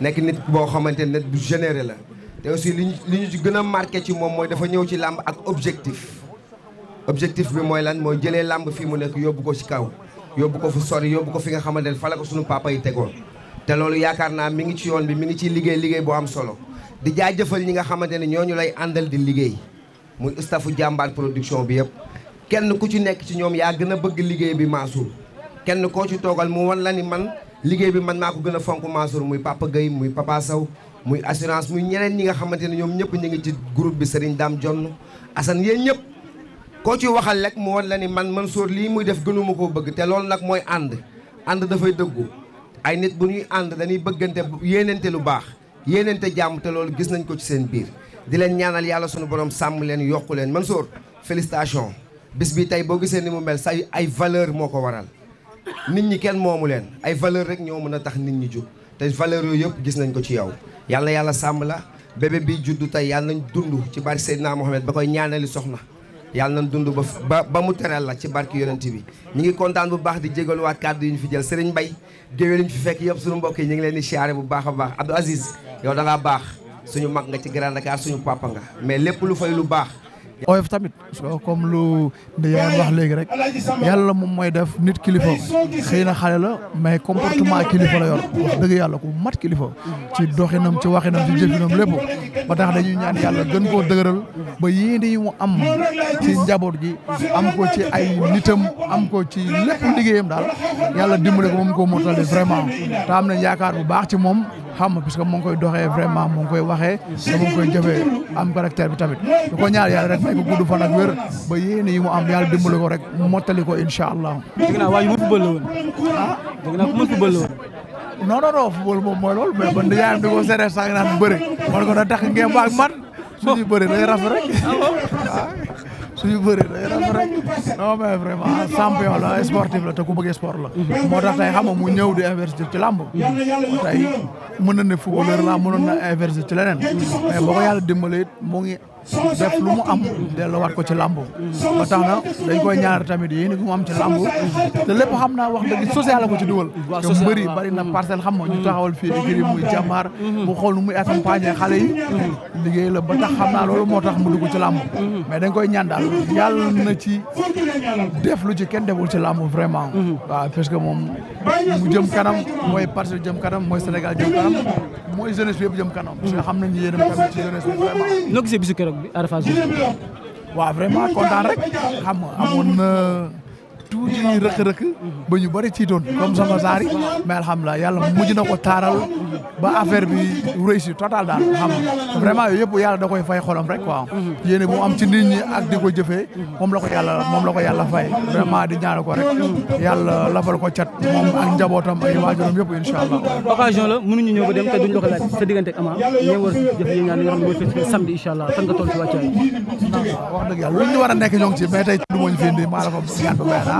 nekk nit boo xamante ne bu généré la te aussi li ñu ci gën a marqué ci moom mooy dafa ñëw ci làmb ak objectif objectif bi mooy lan mooy jëlee làmb fii mu nekk yóbbu ko ci kaw yóbbu ko fu sori yóbbu ko fi nga xamante ne fa ko suñu papa yi tegoon te loolu yaakaar naa mi ngi ci yoon bi mi ngi ciy liggéey liggéey boo am solo di jëfal ñi nga xamante ne ñu lay àndal di liggéey muy staffu jàmbaar production bi yëpp kenn ku ci nekk ci ñoom yaa gën a bëgg liggéey bi maasul kenn koo ci toogal mu wan la ni man liggéey bi man maa ko gën a fonk Mansour muy Papa Gueye muy Papa Sow muy assurance muy ñeneen ñi nga xamante ne ñoom ñëpp ñu ngi ci groupe bi Serigne Dame Jonn Assane yéen ñëpp koo ci waxal rek mu wan la ni man Mansour lii muy def gënuma koo bëgg te loolu nag mooy ànd ànd dafay dëggu ay nit bu ñuy ànd dañuy bëggante yéenante lu baax yéenante jàmm te loolu gis nañ ko ci seen biir di leen ñaanal yàlla sunu borom sàmm leen yokku leen Mansour félicitation bis bi tey boo gisee ni mu mel say ay valeur moo ko waral nit ñi kenn moomu leen ay valeur rek ñoo mën a tax nit ñi jub te valeur yooyu yëpp gis nañ ko ci yow yàlla yàlla sàmm la bébé bi juddu tey yàlla nañ dund ci barke Seydina Mohamed ba koy ñaanali soxna yàlla nañ dund ba ba mu teral la ci barke yonent bi ñu ngi kontaan bu baax di jégaluwaat kàddu yi ñu fi jël Serigne Mbaye géwél yi ñu fi fekk yëpp suñu mbokk yi ñu ngi leen di siyaare bu baax a baax Abdou Aziz yow da ngaa baax suñu mag nga ci Grand Dakar suñu papa nga mais lépp lu fay lu baax oyof tamit soo comme lu Ndeye wax léegi rek yàlla moom mooy def nit kilifa xëy na xale la mais comportement kilifa la yor wax dëgg yàlla ku mat kilifa. ci doxinam ci waxinam ci jëfinam lépp ba tax dañuy ñaan yàlla gën koo dëgëral ba yéene yi mu am ci njaboot gi am ko ci ay nitam am ko ci lépp liggéeyam daal yàlla dimbale ko moom ko mottali vraiment te am nañ yaakaar bu baax ci moom. xam nga parce que mu koy doxee vraiment mu koy waxee te mu koy jëfee am caractère bi tamit di ko ñaar yàlla rek may ko gudd fan ak wér ba yéene yi mu am yàlla dimbali ko rek mottali ko incha allah. dégg naa waa yu ma football la woon. ah dégg naa ku ma football la woon. non non non football moom mooy loolu mais man dèjà di ko seeree sax naan bëri man ko da tax ngeen ba ak man suñuy bëri day suñu bëree day rafet rek non mais vraiment champion la sportif la te ku moo tax tey xam mu ñëw di investir ci làmb. mën na ne la mënoon na investir ci leneen. mais boo ko yàlla dimbalee mu ngi def lu gitu. hmm. hmm. mu am delloowaat ko ci làmb ba tax na dañ koy ñaar tamit yéen gu mu am ci làmb te lépp xam naa wax dëgg social la ko ci dugal te bëri bëri na parcelle xam nga ñu taxawal fii écurie muy jàmbaar mu xool nu muy accompagner xale yi liggéey la ba tax xam naa loolu moo tax mu dugg ci làmb mais dañ koy ñaan daal yàlla na ci def lu ci kenn deful ci làmb vraiment waaw parce que moom mu jëm kanam mooy parcelle jëm kanam mooy Sénégal jëm kanam mooy jeunesse yëpp jëm kanam parce que xam nañu yéen tamit ci jeunesse bi vraiment bi Ada Fass waaw vraiment kontaan rek xam nga amoon na euh, tuuti rëkk-rëkk ba ñu bëri tiitoon comme sama saari mais alhamdulilah yàlla mujj na ko taaral ba affaire bi réussi total daal xam vraiment yooyu yëpp yàlla da koy fay xolam rek quoi yéene bu am ci nit ñi ak di ko jëfee moom la ko moom la ko yàlla fay vraiment di ñaanal ko rek yàlla lafal ko cat moom ak njabootam ay waajuram yëpp incha allah ko laaj sa diggante ak Ama ñeen yi ñaan yoo xam ne mooy fekk samedi incha allah fan nga toll ci wàccaay wax dëgg yàlla lu ñu a nekk ñoo ngi ci mais tey du mooñ fi maa la ko ñaan ba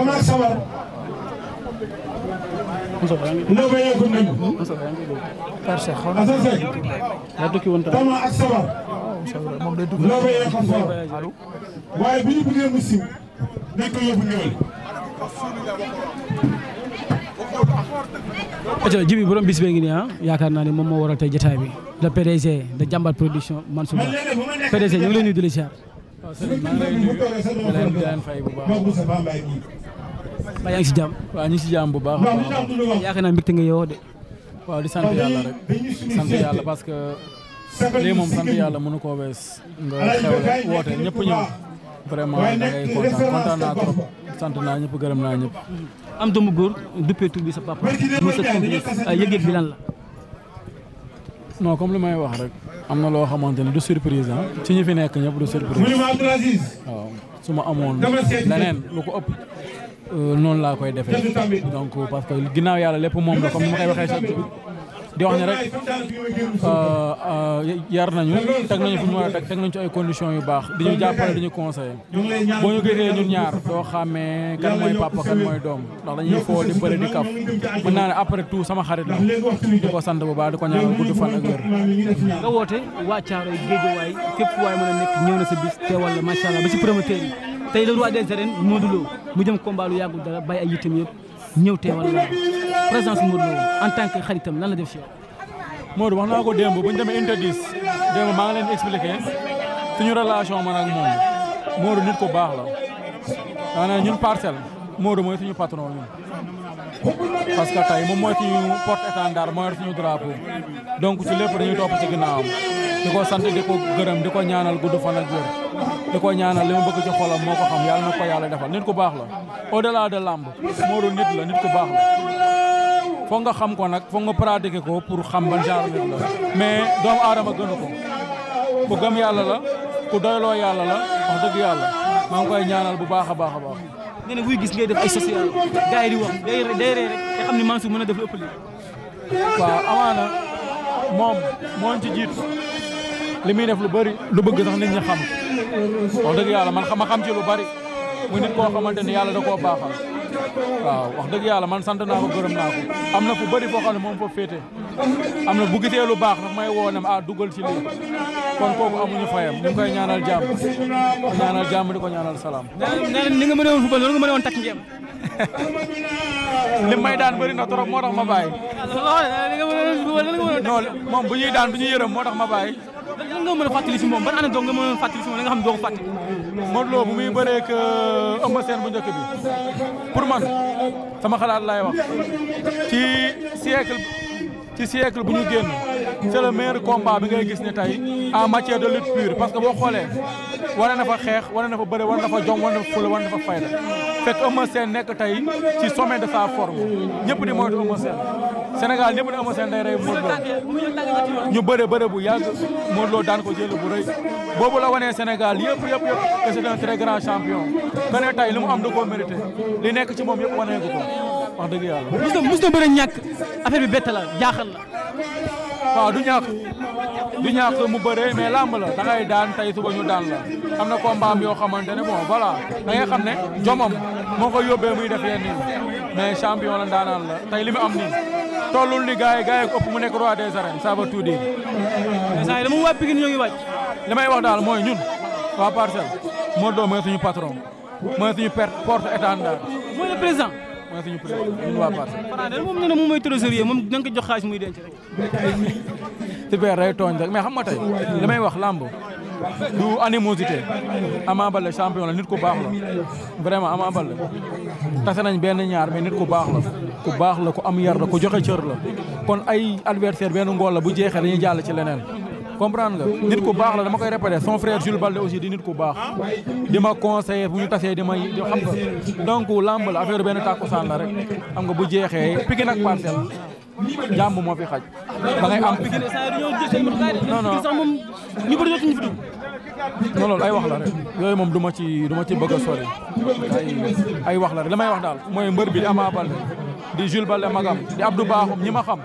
Omar Sawar ndóobo yeegul ak Sawar. ndóobo yeegul Sawar. waaye bu ñu bëggee mu ngi nii ah yaakaar naa ne moom moo waral tey jotaay bi le PDG de Jambar Production Mansour Ba PDG ñu ngi leen nuyu di la ziar. waaw ba yaa ngi si jàmm ñu si jàmm bu baax yaakaar naa mbégte nga yow de waaw di sant yàlla rek sant yàlla parce que lii moom sant yàlla mun mënu koo wees nga xewle woote ñëpp ñëw vraiment da ngay kontaan kontaan naa trop sant naa ñëpp gërëm naa ñëpp am doomu góor duppee tur bi sa papa mu sa complice la non comme li may wax rek am na loo xamante ne du surprise ah. ci ñi fi nekk ñëpp du surprise su ma amoon leneen lu ko ëpp Euh, noonu laa koy defee donc parce que ginnaaw yàlla lépp moom la comme ni ma koy waxee chaque jour di wax ne rek euh, euh, yar nañu teg nañu fu ñu war a conditions yu baax di ñu jàppale di ñu conseillé boo ñu gisee ñun ñaar doo xàmmee kan mooy papa kan mooy doom ndax dañuy foo di bëri di kaf mën naa ne après tout sama xarit la di ko sant bu baax di ko ñaanal gudd fan ak wér. nga woote waa Thiaroye Géejawaay fépp waay mën a nekk ñëw na sa bis teewal la macha allah ba ci promoteur yi tey le roi des arènes Modou mu jëm combat lu yàggul dara bàyyi ay yittam yëpp ñëw teewal la présence Modou Lo en tant la def si yow. Modou wax naa ko démb bu ñu demee interdit démb maa ngi leen expliqué suñu relation ma ak moom Modou nit ku baax la daanaka ñun parcelle Modou mooy suñu patron ñun. parce que tey moom mooy suñu porte étendard mooy suñu drapeau donc ci lépp dañuy topp ci ginnaawam di ko sant di ko gërëm di ko ñaanal gudd fan ak wér. da ko ñaanal li ma bëgg ci xolam moo ko xam yàlla na ko yàlla defal nit ku baax la au delà de làmb Modou nit la nit ku baax la foog nga xam ko nag foog nga pratiquer ko pour xam ban genre nit la mais doomu aadama gënu ko ku yàlla la ku doyloo yàlla la wax dëgg yàlla maa ngi koy ñaanal bu baax a baax a baax nee na buy gis ngay def ay social gars yi di wax day day ree rek te xam ne Mansour mën a def lu ëpp lii waaw amaana moom moo ci jiitu li muy def lu bëri lu bëgg sax nit ñi wax dëgg yàlla man ma xam ci lu bari muy nit koo xamante ni yàlla da koo baaxal waaw wax dëgg yàlla man sant naa ko gërëm naa ko am na ku bëri foo xam ne moom foofu féete am na bu gisee lu baax nag may woo ne ah dugal ci lii kon kooku amuñu fayam ñu ngi koy ñaanal jàmm ñaanal jàmm di ko ñaanal salaam. nee na ni nga mënee woon football noonu li may daan bëri na trop moo tax ma bàyyi. non moom bu ñuy daan bu ñuy yërëm moo tax ma bàyyi. lan nga mën a fàttali si moom ban année dong nga mën a fàttali si moom la nga xam ne doo ko fàttali. Modou Lo bu muy bëreeg euh, Eumeu Sène bu njëkk bi man sama xalaat laay wax ci siècle ci siècle bu ñu génn c'est le meilleur combat bi ngay gis ne tey en matière de lutte pure parce que boo xoolee. war na fa xeex war na fa bëre war na fa jom war na fa fula war na fa fayda fekk Eumeu Sène nekk tey ci sommet de sa forme ñëpp di moytu Eumeu Sène Sénégal ñëpp ne Eumeu Sène day rey Modou Lo ñu bëre bëre bu yàgg Modou Lo daan ko jël bu rëy boobu la wanee Sénégal yëpp yëpp yëpp que c'est un grand champion que ne tey mu am da koo mérité li nekk ci moom yëpp wanee ko ko wax dëgg yàlla. mos na mos bëre ñàkk affaire bi bett la jaaxal la. waaw du ñàkk. du ñàkk mu bëree mais làmb la da ngay daan tey suba ñu daan la am na kombaam yoo xamante ne bon voilà da ngay xam ne jomam moo ko yóbbee muy def yenn nii mais champion la la tey li mu am nii tollul ni gars yi gars mu nekk roi des arènes ça va tout dire. saa yi dama waa Pikine ñoo ngi wàcc. li wax daal mooy ñun waa parcelle moo doon mooy suñu patron mooy suñu porte étendard. mooy le président. mooy suñu président ñun waa parcelle. moom mu na na nga muy denc rek. super day tooñ rek mais xam nga tey li may wax làmb du animosité Ama le champion la nit ku baax la vraiment Ama Baldé tase nañ benn ñaar mais nit ku baax la ku baax la ku am yar la ku joxe cër la kon ay adversaire benn ngool la bu jeexee dañuy jàll ci leneen comprendre nga nit ku baax la dama koy répété son frère Jules Baldé aussi di nit ku baax di ma conseiller bu ñu tasee di ma xam nga donc làmb la affaire benn tàkkusaan la rek xam nga bu jeexee Pikine ak Parcelles jàmm moo fi xaj da ngay am. non non ñu bëri dootuñu fi dugg. non loolu ay wax la rek yooyu moom duma ma ci du ci bëgg a sori ay wax la rek li may wax daal mooy mbër bi di Ama Baldé di Jules Baldé magam di Abdou Bakhoum ñi ma xam.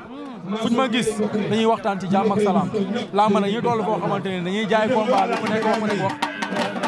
fuñ ma gis dañuy waxtaan ci jàmm ak salaam laa mën a ñu toll foo xamante ne dañuy jaay combat bi ku nekk wax ku nekk